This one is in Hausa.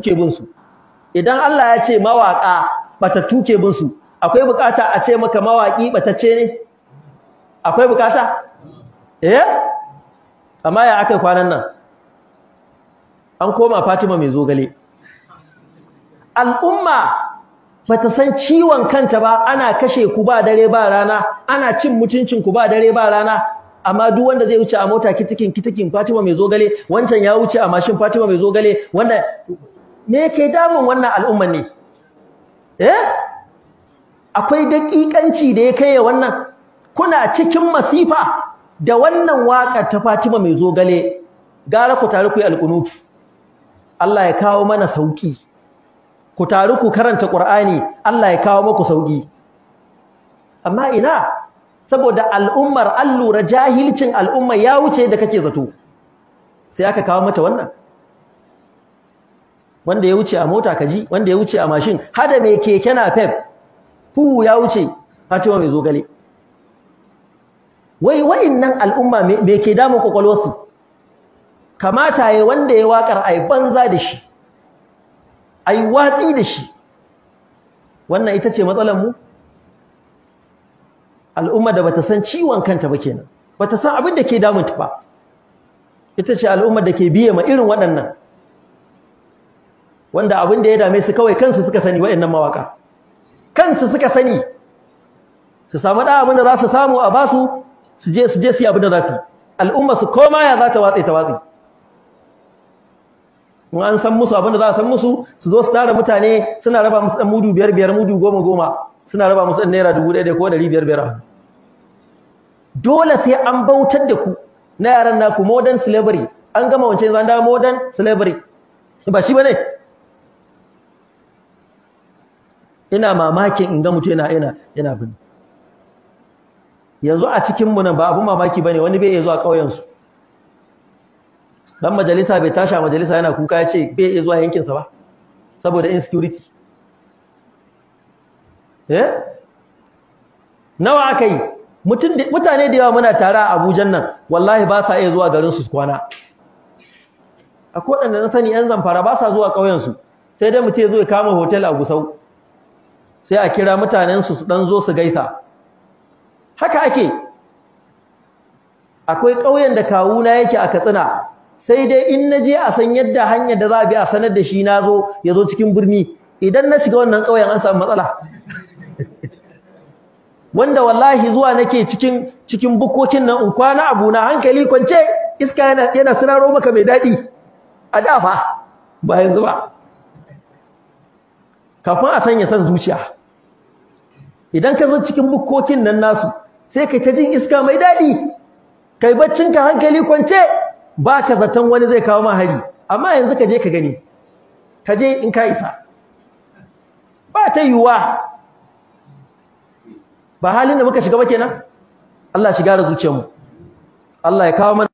tuke bin su idan Allah ya ce mawaka bata tuke bin su akwai bukata a ce maka mawaki ce ne akwai bukata eh amma ya akai kwanan nan an koma Fatima mai zogale al'umma bata san ciwon kanta ba ana kashe ku ba dare ba rana ana cin mutuncin ku ba dare ba rana amma duk wanda zai wuce a mota kitikin kitikin Fatima mai zogale wancan ya wuce a mashin Fatima mai zogale wanda me yake damun wannan al'umma ne eh akwai daƙiƙanci da ya kai wannan kuna cikin masifa da wannan waƙar ta Fatima mai zogale gara ku taru ku yi alƙunutu Allah ya kawo mana sauki ku taru ku karanta Qur'ani Allah ya kawo muku sauki amma ina saboda al'ummar allura jahilcin al'umma ya wuce da kake zato sai aka kawo mata wannan wanda ya wuce a mota kaji ji wanda ya wuce a mashin hada mai keke na fef fu ya wuce fatima mai zogale wai wayannan al'umma me ke damun kwakwalwarsu kamata ya wanda ya waƙar ai banza da shi ai watsi da shi wannan ita ce matsalar mu al'umma da bata san ciwon kanta ba kenan bata san abin da ke damunta ba ita ce al'ummar da ke biye ma irin waɗannan wanda abin da ya dame su kawai kansu suka sani wayannan mawaka kansu suka sani su samu da abin da za su samu a basu su je su je su yi abin da za su al'umma su koma ya za ta watsa ta watsa in an san musu abin da za a san musu su zo su tara mutane suna raba musu dan mudu biyar biyar mudu goma goma suna raba musu dan naira dubu ɗaya ko ɗari biyar biyar dole sai an bautar da ku na yaran naku modern slavery an gama wancan zan da modern slavery ba shi ba ne. ina mamakin in ga mutum yana yana yana bin yanzu a cikin mu nan ba abu mamaki bane wani bai iya zuwa ƙauyen su dan majalisa bai tashi a majalisa yana kuka ya ce bai iya zuwa yankin sa ba saboda insecurity eh nawa akai yi? mutane da yawa muna tare a Abuja nan wallahi ba sa iya zuwa garin su kwana akwai waɗanda na sani yan zamfara ba sa zuwa ƙauyen su sai dai mutum ya zo ya kama hotel a Gusau sai a kira mutanensu su dan zo su gaisa haka ake akwai ƙauyen da kawuna yake a katsina sai dai in na je a san yadda hanyar da za a bi a sanar da shi na zo ya zo cikin birni idan na shiga wannan ƙauyen an samu matsala wanda wallahi zuwa nake cikin cikin bukokin nan in kwana abu na hankali kwance iska yana yana sinaro maka mai daɗi a da fa ba yanzu kafin a sanya san zuciya idan ka zo cikin bukkokin nan nasu sai kai ta jin iska mai daɗi kai ka hankali kwance ba ka zaton wani zai kawo ma hari amma yanzu ka je ka gani ka je in ka isa ba ta yiwuwa ba halin da muka shiga ba kenan Allah shiga da zuciyarmu Allah ya kawo mana